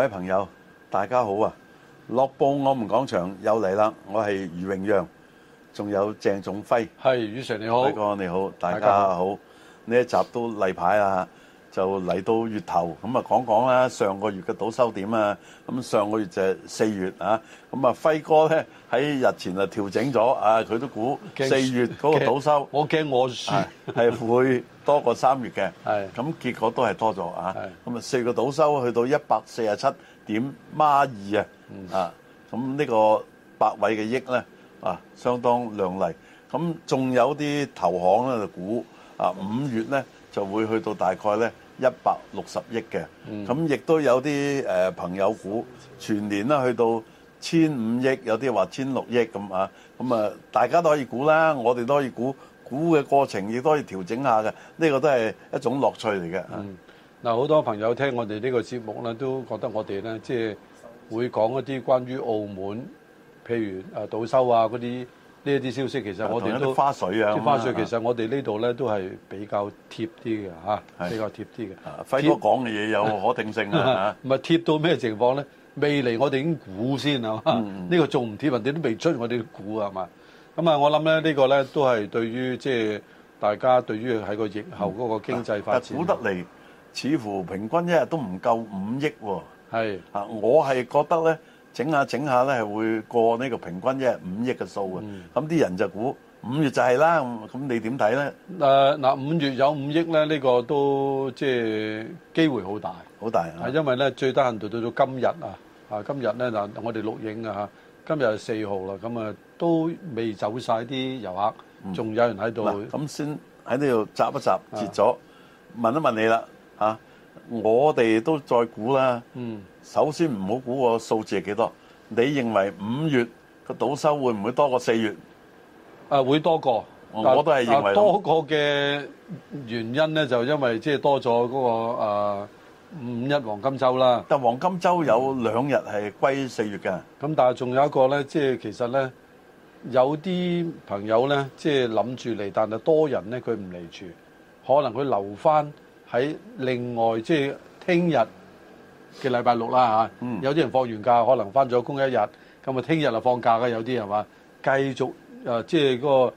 各位朋友，大家好啊！樂報我們講場又嚟啦，我係余榮讓，仲有鄭仲輝，係余 Sir 你好，輝哥你好，大家好，呢一集都例牌啊。就嚟到月頭咁啊，講講啦，上個月嘅賭收點啊？咁上個月就係四月就啊，咁啊輝哥咧喺日前啊調整咗啊，佢都估四月嗰個賭收，我驚我輸，係會多過三月嘅，咁的結果都係多咗的啊，咁啊四個賭收去到一百四十七點孖二啊個位呢，啊，咁呢個百位嘅億咧啊相當亮麗，咁仲有啲投行咧就估啊五月咧。就會去到大概呢一百六十億嘅，咁亦都有啲誒朋友估全年呢去到千五億，有啲話千六億咁啊，咁啊大家都可以估啦，我哋都可以估，估嘅過程亦都可以調整下嘅，呢個都係一種樂趣嚟嘅。嗯，嗱，好多朋友聽我哋呢個節目呢，都覺得我哋呢，即係會講一啲關於澳門，譬如啊賭收啊嗰啲。呢一啲消息其實我哋都花水啊，花水其實我哋呢度咧都係比較貼啲嘅嚇，比較貼啲嘅。輝哥講嘅嘢有可聽性啊嚇。唔係貼到咩情況咧？未嚟我哋已經估先啊嘛。呢個仲唔貼？人哋都未出，我哋都估啊嘛。咁啊，我諗咧呢個咧都係對於即係大家對於喺個疫後嗰個經濟發展估得嚟，似乎平均一日都唔夠五億喎。係啊，我係覺得咧。整下整下咧，係會過呢個平均啫，五億嘅數嘅。咁啲人就估五月就係啦。咁你點睇咧？誒嗱，五月有五億咧，呢個都即係機會好大，好大嚇。因為咧，最低限度到到今日啊，啊今日咧嗱我哋錄影啊嚇，今日係四號啦，咁啊都未走晒啲遊客，仲有人喺度，咁先喺呢度集一集，截咗問一問你啦嚇。我哋都再估啦。嗯。首先唔好估個數字係幾多，你認為五月個賭收會唔會多過四月？誒，會多過，我都係認為多過嘅原因咧，就因為即係多咗嗰個誒五一黃金週啦。但黃金週有兩日係歸四月嘅。咁但係仲有一個咧，即係其實咧，有啲朋友咧，即係諗住嚟，但係多人咧佢唔嚟住，可能佢留翻喺另外即係聽日。嘅禮拜六啦、啊、有啲人放完假可能翻咗工一日，咁啊聽日就放假㗎。有啲係嘛，繼續即係嗰個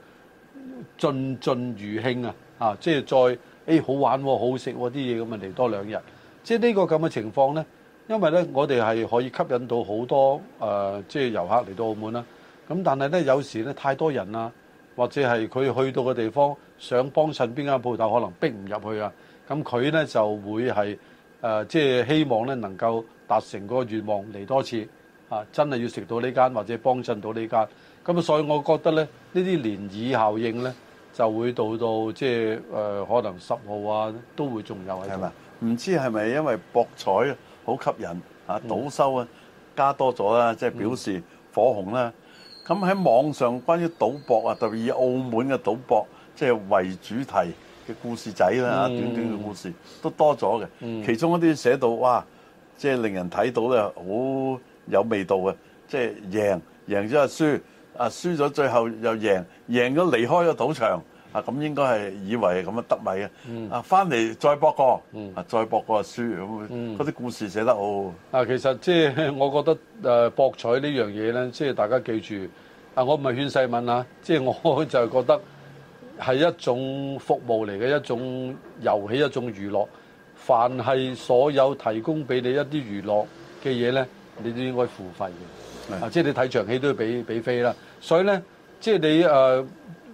盡盡餘興啊即係、就是、再誒、欸、好玩、哦、好食啲嘢咁啊嚟多兩日，即係呢個咁嘅情況咧，因為咧我哋係可以吸引到好多即係、呃就是、遊客嚟到澳門啦，咁、啊、但係咧有時咧太多人啦，或者係佢去到嘅地方想幫襯邊間鋪頭，可能逼唔入去啊，咁佢咧就會係。誒，即係希望咧能夠達成嗰個願望嚟多次，啊，真係要食到呢間或者幫襯到呢間。咁所以我覺得咧，呢啲漣漪效應咧就會到到即係誒，可能十號啊都會仲有係咪？唔知係咪因為博彩好吸引啊，賭收啊加多咗啦，即係、嗯、表示火紅啦。咁喺網上關於賭博啊，特別以澳門嘅賭博即係、就是、為主題。嘅故事仔啦短短嘅故事、嗯、都多咗嘅。嗯、其中一啲寫到哇，即、就、係、是、令人睇到咧，好有味道嘅。即、就、係、是、贏，贏咗又輸，啊輸咗最後又贏，贏咗離開咗賭場啊，咁應該係以為咁啊得米、嗯、啊。啊翻嚟再博個，啊、嗯、再博個又輸咁。嗰啲故事寫得好。嗯嗯、啊，其實即係我覺得誒博彩這件事呢樣嘢咧，即、就、係、是、大家記住。我不是世啊，我唔係勸世文啊，即係我就係覺得。係一種服務嚟嘅，一種遊戲，一種娛樂，凡係所有提供俾你一啲娛樂嘅嘢咧，你都應該付費嘅。是的 啊，即係你睇場戲都要俾俾飛啦。所以咧，即係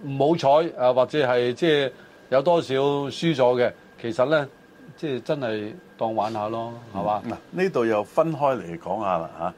你唔好彩啊，或者係即係有多少輸咗嘅，其實咧，即係真係當玩下咯，係嘛、嗯？嗱吧，呢度又分開嚟講下啦嚇。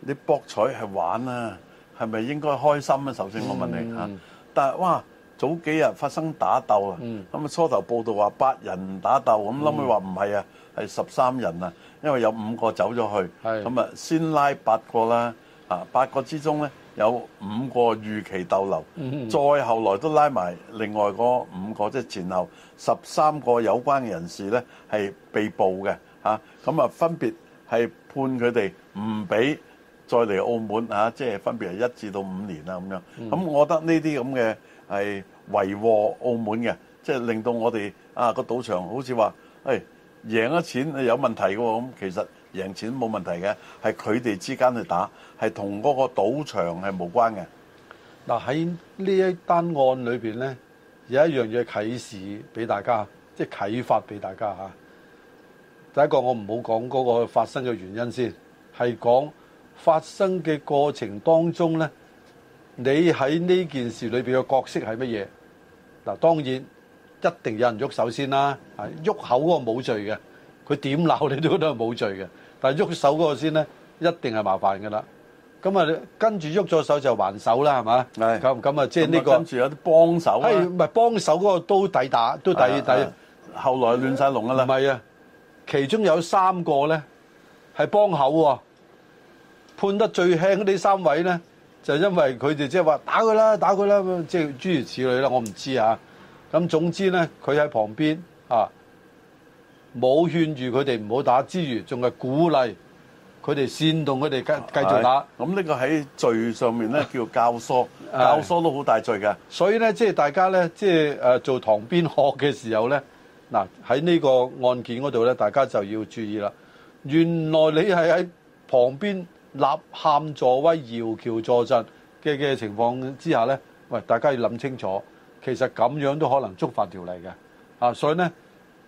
你博彩係玩啊，係咪應該開心啊？首先我問你嚇、嗯啊，但係哇～早幾日發生打鬥啊，咁啊初頭報道話八人打鬥，咁諗起話唔係啊，係十三人啊，因為有五個走咗去，咁啊先拉八個啦，啊八個之中咧有五個逾期逗留，再後來都拉埋另外嗰五個，即係前後十三個有關嘅人士咧係被捕嘅，嚇咁啊分別係判佢哋唔俾再嚟澳門嚇，即係分別係一至到五年啊咁樣，咁我覺得呢啲咁嘅係。圍和澳門嘅，即係令到我哋啊個賭場好似話，誒贏咗錢係有問題嘅，咁其實贏錢冇問題嘅，係佢哋之間去打，係同嗰個賭場係無關嘅。嗱，喺呢一單案裏邊呢，有一樣嘢啟示俾大家，即係啟發俾大家吓、啊。第一個我唔好講嗰個發生嘅原因先，係講發生嘅過程當中呢。你喺呢件事裏邊嘅角色係乜嘢？嗱，當然一定有人喐手先啦。喐口嗰個冇罪嘅，佢點鬧你都都係冇罪嘅。但係喐手嗰個先咧，一定係麻煩噶啦。咁啊，跟住喐咗手就還手啦，係嘛？係咁咁啊，即係呢個跟住有啲幫手。哎，唔係幫手嗰個都抵打，都抵抵。後來亂晒龍啦。唔係啊，其中有三個咧係幫口喎，判得最輕呢啲三位咧。就因為佢哋即係話打佢啦，打佢啦，即係諸如此類啦，我唔知嚇、啊。咁總之咧，佢喺旁邊啊冇勸住佢哋唔好打之餘，仲係鼓勵佢哋煽動佢哋繼繼續打。咁呢個喺罪上面咧叫教唆， 的教唆都好大罪嘅。所以咧，即係大家咧，即係、啊、做旁邊學嘅時候咧，嗱喺呢個案件嗰度咧，大家就要注意啦。原來你係喺旁邊，立喊助威、搖橋助陣嘅嘅情況之下呢喂，大家要諗清楚，其實咁樣都可能觸犯條例嘅啊！所以呢，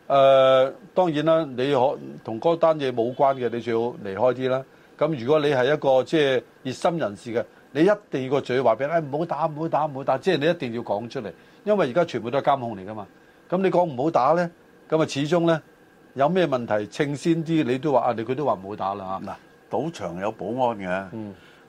誒、呃、當然啦，你可同嗰單嘢冇關嘅，你最好離開啲啦。咁如果你係一個即係熱心人士嘅，你一定要個嘴話俾佢，哎，唔好打，唔好打，唔好打，即係你一定要講出嚟，因為而家全部都係監控嚟㗎嘛。咁你講唔好打呢？咁啊，始終呢，有咩問題稱先啲，你都話啊，你佢都話唔好打啦。賭場有保安嘅，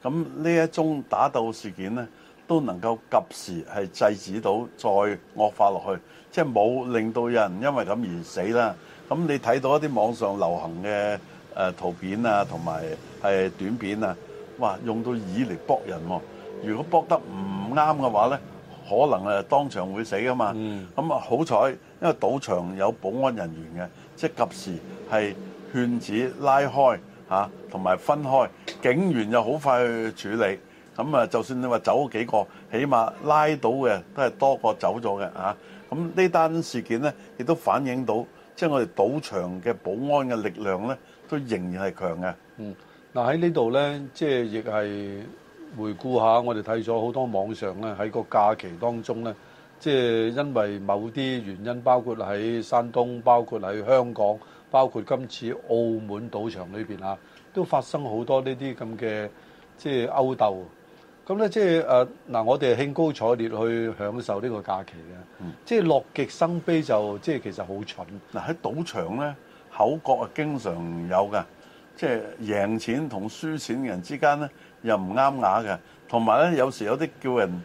咁呢一宗打鬥事件咧，都能夠及時係制止到，再惡化落去，即係冇令到人因為咁而死啦。咁你睇到一啲網上流行嘅誒圖片啊，同埋係短片啊，哇，用到椅嚟搏人喎。如果搏得唔啱嘅話咧，可能誒當場會死噶嘛。咁啊，好彩，因為賭場有保安人員嘅，即係及時係勸止、拉開嚇。同埋分開警員又好快去處理咁啊！就算你話走幾個，起碼拉到嘅都係多過走咗嘅啊！咁呢單事件呢，亦都反映到即係我哋賭場嘅保安嘅力量呢，都仍然係強嘅。嗯，嗱喺呢度呢，即係亦係回顧下，我哋睇咗好多網上呢喺個假期當中呢，即係因為某啲原因，包括喺山東，包括喺香港，包括今次澳門賭場裏邊啊。都發生好多呢啲咁嘅即係勾鬥，咁咧即係誒嗱，我哋係興高采烈去享受呢個假期嘅，即係樂極生悲就即係其實好蠢。嗱喺賭場咧，口角啊經常有嘅，即係贏錢同輸錢人之間咧又唔啱牙嘅，同埋咧有時有啲叫人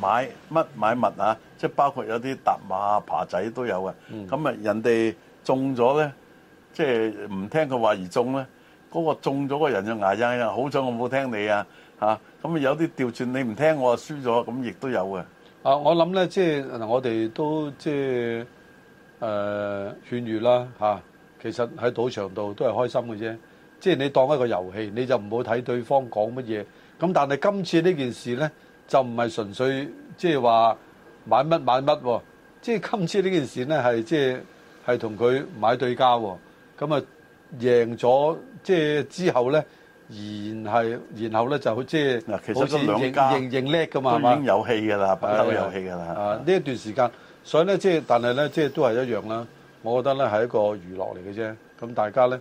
買乜買物啊，即係包括有啲搭馬啊、扒仔都有嘅。咁啊，人哋中咗咧，即係唔聽佢話而中咧。不過中咗個人就牙印啊！好彩我冇聽你啊嚇，咁啊有啲調轉你唔聽我啊輸咗，咁亦都有嘅。啊，我諗咧，即係我哋都即係誒勸喻啦嚇。其實喺賭場度都係開心嘅啫，即係你當一個遊戲，你就唔好睇對方講乜嘢。咁但係今次呢件事咧，就唔係純粹即係話買乜買乜喎。即係今次呢件事咧，係即係係同佢買對家喎。咁啊～贏咗即係之後咧，然係然後咧就即係，其實認認認叻噶嘛，已經有戲噶啦，擺到吧有戲噶啦。啊的，呢一段時間，所以咧即係，但係咧即係都係一樣啦。我覺得咧係一個娛樂嚟嘅啫。咁大家咧，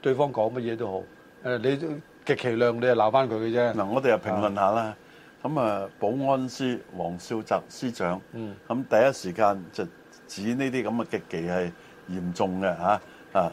對方講乜嘢都好。誒，你極其量你係鬧翻佢嘅啫。嗱、嗯，我哋又評論下啦。咁啊的，保安司黃少澤司長，嗯，咁第一時間就指呢啲咁嘅極技係嚴重嘅嚇啊。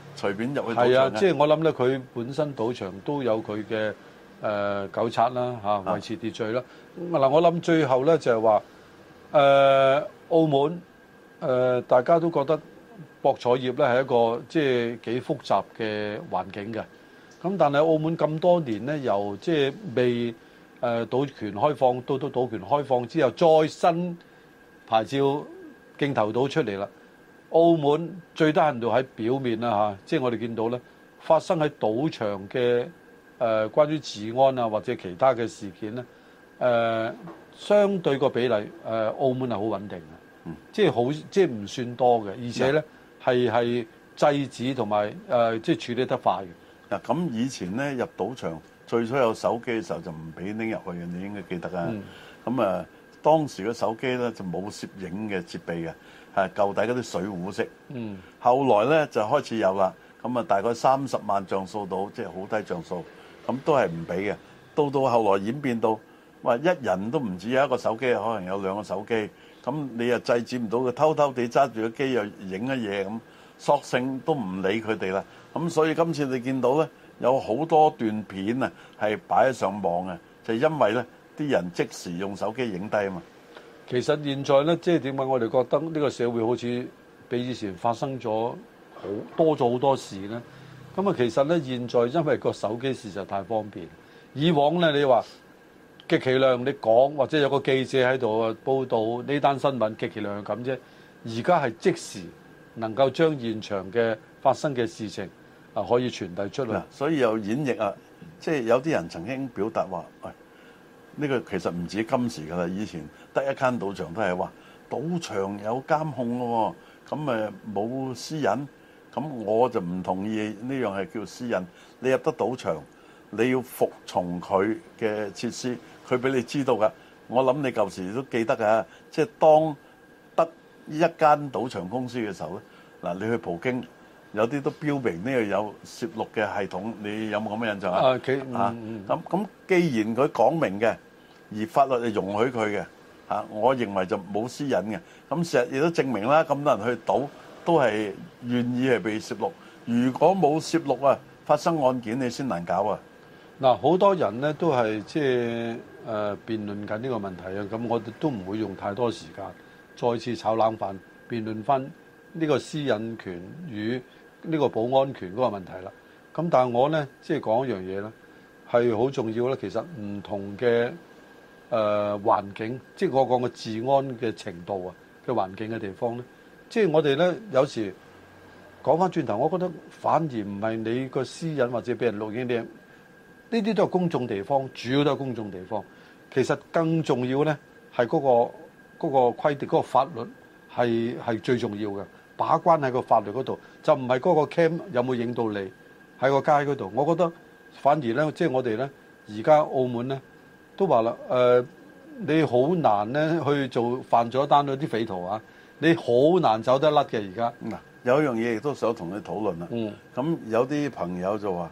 隨便入去賭場。係啊，即係我諗咧，佢本身賭場都有佢嘅誒糾察啦嚇，維持秩序啦。嗱，我諗最後咧就係話誒澳門誒大家都覺得博彩業咧係一個即係幾複雜嘅環境嘅。咁但係澳門咁多年咧，由即係未誒賭權開放到到賭權開放之後，再新牌照鏡頭到出嚟啦。澳門最低限度就喺表面啦嚇，即、啊、係、就是、我哋見到咧發生喺賭場嘅誒、呃，關於治安啊或者其他嘅事件咧，誒、呃、相對個比例誒、呃、澳門係好穩定嘅、嗯，即係好即係唔算多嘅，而且咧係係制止同埋誒即係處理得快嘅。嗱咁以前咧入賭場最初有手機嘅時候就唔俾拎入去嘅，你應該記得、嗯、啊。咁啊當時嘅手機咧就冇攝影嘅設備嘅。係舊底嗰啲水壺式，嗯、後來呢就開始有啦。咁啊，大概三十萬像素度，即係好低像素，咁都係唔俾嘅。到到後來演變到，哇！一人都唔止有一個手機，可能有兩個手機，咁你又制止唔到佢，偷偷地揸住個機又影一嘢咁，索性都唔理佢哋啦。咁所以今次你見到呢，有好多段片啊，係擺喺上網嘅，就因為呢啲人即時用手機影低啊嘛。其實現在咧，即係點解我哋覺得呢個社會好似比以前發生咗好多咗好多事呢？咁啊，其實呢，現在因為個手機事實太方便了，以往呢，你話極其量你講或者有個記者喺度報道呢單新聞，極其量係咁啫。而家係即時能夠將現場嘅發生嘅事情啊，可以傳遞出去。所以又演繹啊，即係有啲人曾經表達話：呢、哎，呢個其實唔止今時噶啦，以前。得一間賭場都係話，賭場有監控嘅喎，咁誒冇私隱，咁我就唔同意呢樣係叫私隱。你入得賭場，你要服從佢嘅設施，佢俾你知道㗎。我諗你舊時都記得㗎，即係當得一間賭場公司嘅時候咧，嗱你去葡京，有啲都標明呢個有攝錄嘅系統，你有冇咁嘅印象啊？啊，佢啊，咁咁，既然佢講明嘅，而法律係容許佢嘅。我認為就冇私隱嘅，咁事實亦都證明啦。咁多人去賭，都係願意係被攝錄。如果冇攝錄啊，發生案件你先難搞啊。嗱，好多人呢都係即係誒辯論緊呢個問題啊。咁我哋都唔會用太多時間再次炒冷飯辯論翻呢個私隱權與呢個保安全權嗰個問題啦。咁但係我呢，即係講一樣嘢咧，係好重要啦。其實唔同嘅。誒、呃、環境，即係我講嘅治安嘅程度啊，嘅環境嘅地方咧，即係我哋咧有時講翻轉頭，我覺得反而唔係你個私隱或者俾人錄影啲，呢啲都係公眾地方，主要都係公眾地方。其實更重要咧係嗰個嗰個規定嗰個法律係係最重要嘅，把關喺個法律嗰度，就唔係嗰個 cam 有冇影到你喺個街嗰度。我覺得反而咧，即係我哋咧而家澳門咧。都話啦、呃，你好難咧去做犯咗單嗰啲匪徒啊！你好難走得甩嘅而家。嗱、嗯，有一樣嘢亦都想同你討論啦。咁、嗯、有啲朋友就話：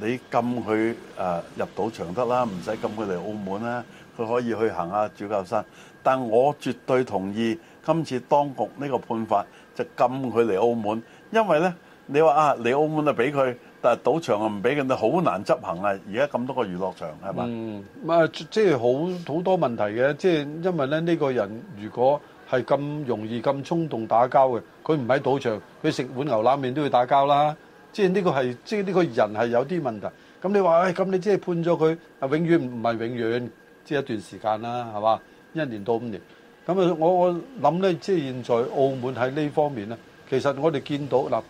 你禁佢、呃、入賭場得啦，唔使禁佢嚟澳門啦，佢可以去行下主教山。但我絕對同意今次當局呢個判法，就禁佢嚟澳門，因為咧，你話啊嚟澳門就俾佢。但係賭場啊，唔俾佢，你好難執行啦。而家咁多個娛樂場係嘛？是嗯，唔係即係好好多問題嘅，即係因為咧呢、呢個人如果係咁容易咁衝動打交嘅，佢唔喺賭場，佢食碗牛腩麵都要打交啦。即係呢個係即係呢個人係有啲問題。咁你話誒咁你即係判咗佢啊，永遠唔係永遠，即係一段時間啦，係嘛？一年到五年。咁啊，我我諗咧，即係現在澳門喺呢方面咧，其實我哋見到嗱，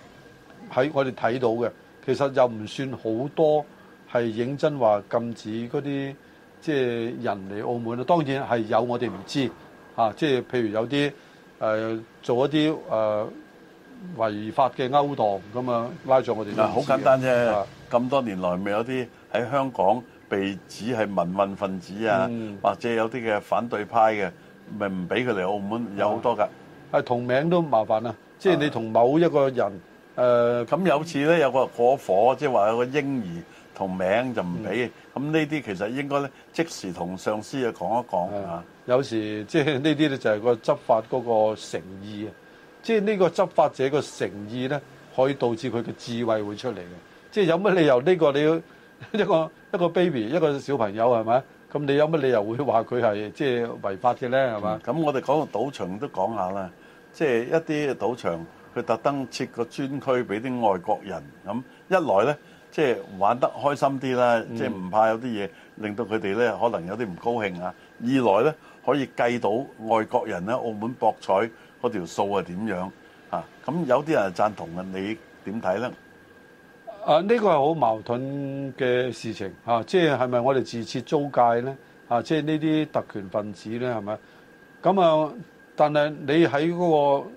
喺我哋睇到嘅。其實又唔算好多，係認真話禁止嗰啲即係人嚟澳門啦。當然係有我哋唔知、啊、即係譬如有啲、呃、做一啲誒、呃、違法嘅勾當咁啊，拉咗我哋。嗱，好簡單啫。咁是多年來咪有啲喺香港被指係民運分子啊，嗯、或者有啲嘅反對派嘅，咪唔俾佢嚟澳門，有好多㗎。同名都麻煩啊，即係是你同某一個人。誒咁、呃、有次咧那有個火火，即係話有個嬰兒同名就唔俾，咁呢啲其實應該咧即時同上司去講一講、嗯、有時即係呢啲咧就係、是、個執法嗰個誠意，即係呢個執法者個誠意咧，可以導致佢嘅智慧會出嚟嘅。即、就、係、是、有乜理由呢個你要一個一個 baby 一個小朋友係咪？咁你有乜理由會話佢係即係違法嘅咧係嘛？咁、嗯、我哋講到賭場都講下啦，即、就、係、是、一啲賭場。佢特登設個專區俾啲外國人咁，一來呢，即係玩得開心啲啦，即係唔怕有啲嘢令到佢哋呢可能有啲唔高興啊。二來呢，可以計到外國人呢澳門博彩嗰條數係點樣啊？咁有啲人係贊同嘅，你點睇呢？啊，呢個係好矛盾嘅事情嚇、啊，即係係咪我哋自設租界呢？啊，即係呢啲特權分子呢，係咪？咁啊，但係你喺嗰個。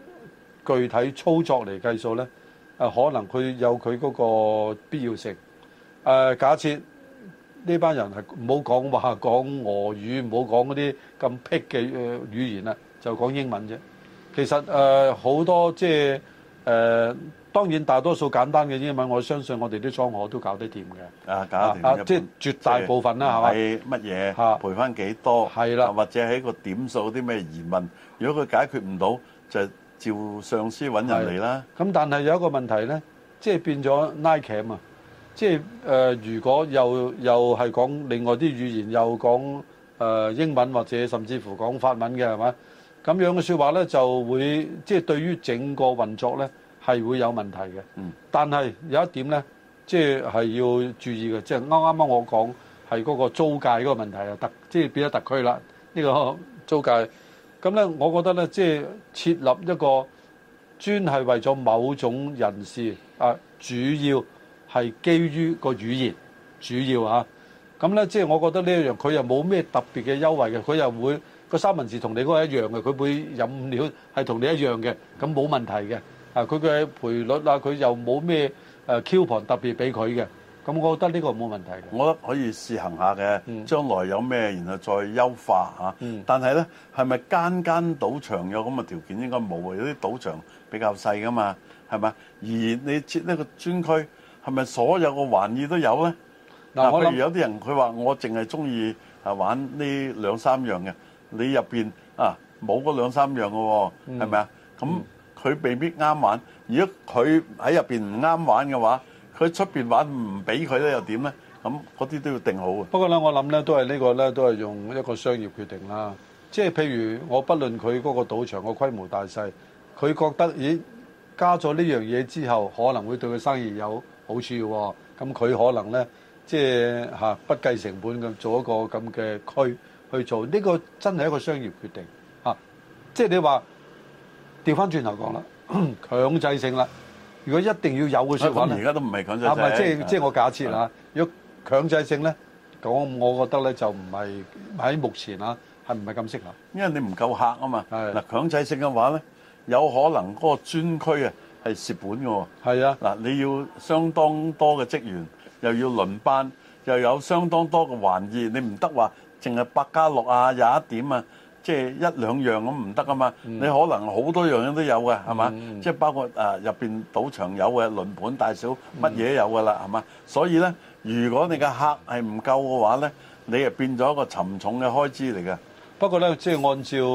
具體操作嚟計數咧，啊，可能佢有佢嗰個必要性。誒、呃，假設呢班人係唔好講話講俄語，唔好講嗰啲咁僻嘅誒語言啊，就講英文啫。其實誒好、呃、多即係誒、呃，當然大多數簡單嘅英文，我相信我哋啲倉我都搞得掂嘅。啊，搞掂、啊、即係絕大部分啦，係嘛、就是？乜嘢嚇？賠翻幾多？係啦，或者係一個點數啲咩疑問？如果佢解決唔到，就照上司揾人嚟啦。咁但係有一個問題呢，即係變咗 NIKE 啊！即、呃、係如果又又係講另外啲語言，又講誒、呃、英文或者甚至乎講法文嘅係嘛？咁樣嘅説話呢，就會即係對於整個運作呢，係會有問題嘅。嗯。但係有一點呢，即係係要注意嘅，即係啱啱啱我講係嗰個租界嗰個問題啊，特即係變咗特區啦，呢、呢個租界。咁咧，我覺得咧，即係設立一個專係為咗某種人士啊，主要係基於個語言，主要啊，咁咧，即係我覺得呢一樣，佢又冇咩特別嘅優惠嘅，佢又會個三文治同你嗰個一樣嘅，佢會飲料係同你一樣嘅，咁冇問題嘅。啊，佢嘅賠率啊，佢又冇咩誒 coupon 特別俾佢嘅。咁我覺得呢個冇問題嘅。我覺得可以試行下嘅，將來有咩，然後再優化嚇。但係咧，係咪間間賭場有咁嘅條件？應該冇啊，有啲賭場比較細噶嘛，係咪？而你設呢個專區，係咪所有個玩意都有咧？嗱，譬如有啲人佢話，我淨係中意係玩呢兩三樣嘅，你入邊啊冇嗰兩三樣嘅喎，係咪啊？咁佢未必啱玩。如果佢喺入邊唔啱玩嘅話，佢出面玩唔俾佢咧又點呢？咁嗰啲都要定好嘅。不過呢，我諗呢都係呢個呢都係用一個商業決定啦。即係譬如我不論佢嗰個賭場個規模大細，佢覺得咦加咗呢樣嘢之後可能會對佢生意有好處喎、哦。咁佢可能呢，即係、啊、不計成本咁做一個咁嘅區去做呢、呢個真係一個商業決定嚇、啊。即係你話調翻轉頭講啦，強制性啦。如果一定要有嘅說話咧，而家都唔係強制性。啊，係咪即係即係我假設嚇，係。如果強制性咧，我我覺得咧就唔係喺目前嚇係唔係咁適合，因為你唔夠客啊嘛。係。嗱，強制性嘅話咧，有可能嗰個專區啊係蝕本嘅喎。係啊。嗱，你要相當多嘅職員，又要輪班，又有相當多嘅環意。你唔得話淨係百家樂啊、廿一點啊。即係一兩樣咁唔得啊嘛！你可能好多樣嘢都有嘅、嗯吧，係嘛？即係包括誒入邊賭場有嘅輪盤、大小乜嘢都有嘅啦，係嘛？所以咧，如果你嘅客係唔夠嘅話咧，你係變咗一個沉重嘅開支嚟嘅。不過咧，即、就、係、是、按照誒、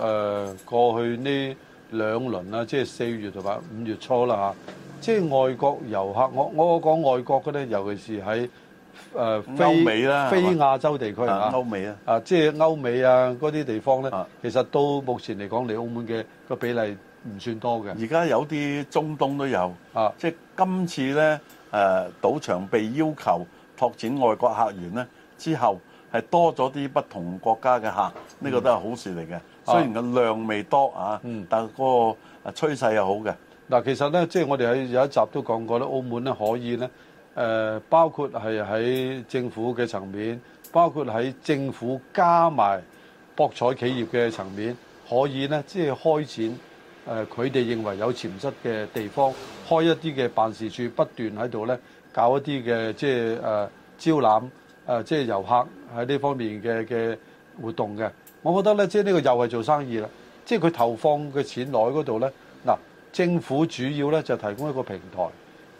呃、過去呢兩輪啊，即係四月同埋五月初啦嚇，即、就、係、是、外國遊客，我我講外國嘅咧，尤其是喺。誒、呃、歐美啦，非亞洲地區是吧啊，歐美啊，啊即係歐美啊嗰啲地方咧，啊、其實到目前嚟講，你澳門嘅個比例唔算多嘅。而家有啲中東都有，啊、即係今次咧誒，賭、呃、場被要求拓展外國客源咧之後，係多咗啲不同國家嘅客，呢、這個都係好事嚟嘅。嗯、雖然個量未多啊，嗯、但係嗰個趨勢又好嘅。嗱、啊，其實咧，即係我哋係有一集都講過咧，澳門咧可以咧。誒包括係喺政府嘅層面，包括喺政府加埋博彩企業嘅層面，可以呢即係開展誒佢哋認為有潛質嘅地方，開一啲嘅辦事處不斷喺度咧搞一啲嘅即係誒招攬誒即係遊客喺呢方面嘅嘅活動嘅。我覺得咧，即係呢個又係做生意啦，即係佢投放嘅錢落喺嗰度咧。嗱，政府主要咧就提供一個平台。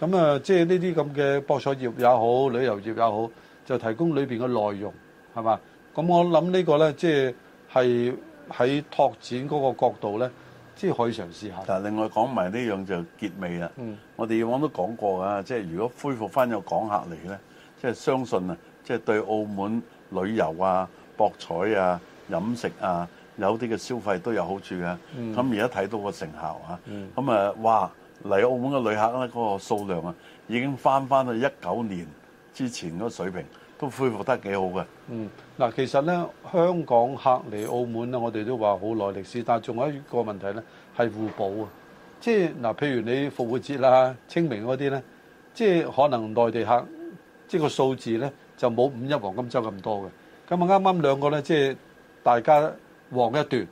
咁啊，即係呢啲咁嘅博彩業也好，旅遊業也好，就提供裏面嘅內容，係嘛？咁我諗呢個咧，即係係喺拓展嗰個角度咧，即係可以嘗試下。但另外講埋呢樣就結尾啦。嗯，我哋以往都講過啊，即係如果恢復翻有港客嚟咧，即係相信啊，即係對澳門旅遊啊、博彩啊、飲食啊有啲嘅消費都有好處嘅。咁而家睇到個成效啊。咁啊，嗯，哇！嚟澳門嘅旅客咧，嗰個數量啊，已經返返去一九年之前嗰個水平，都恢復得幾好嘅。嗯，嗱，其實咧，香港客嚟澳門咧，我哋都話好耐歷史，但係仲有一個問題咧，係互補啊。即係嗱，譬如你復活節啦、清明嗰啲咧，即係可能內地客，即係個數字咧就冇五一黃金周咁多嘅。咁啊，啱啱兩個咧，即係大家旺一段，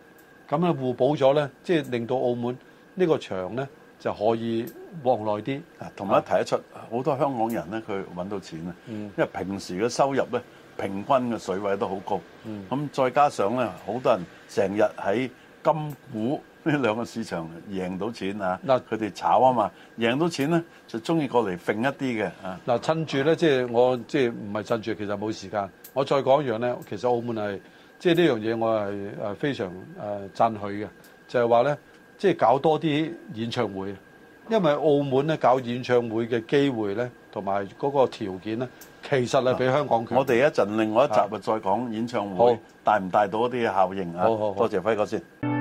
咁咧互補咗咧，即係令到澳門呢個場咧。就可以獲耐啲。同埋一提出，好、啊、多香港人咧，佢揾到錢啊！嗯、因為平時嘅收入咧，平均嘅水位都好高。咁、嗯、再加上咧，好多人成日喺金股呢兩個市場贏到錢啊！嗱、啊，佢哋炒啊嘛，贏到錢咧就中意過嚟揈一啲嘅。嗱，趁住咧，即係、啊、我即係唔係趁住？其實冇時間。我再講一樣咧，其實澳門係即係呢樣嘢，就係、我係非常誒讚、啊、許嘅，就係話咧。即係搞多啲演唱會，因為澳門咧搞演唱會嘅機會咧，同埋嗰個條件咧，其實係比香港強。我哋一陣另外一集啊，再講演唱會，帶唔帶到一啲嘅效應啊？好好，多謝輝哥先。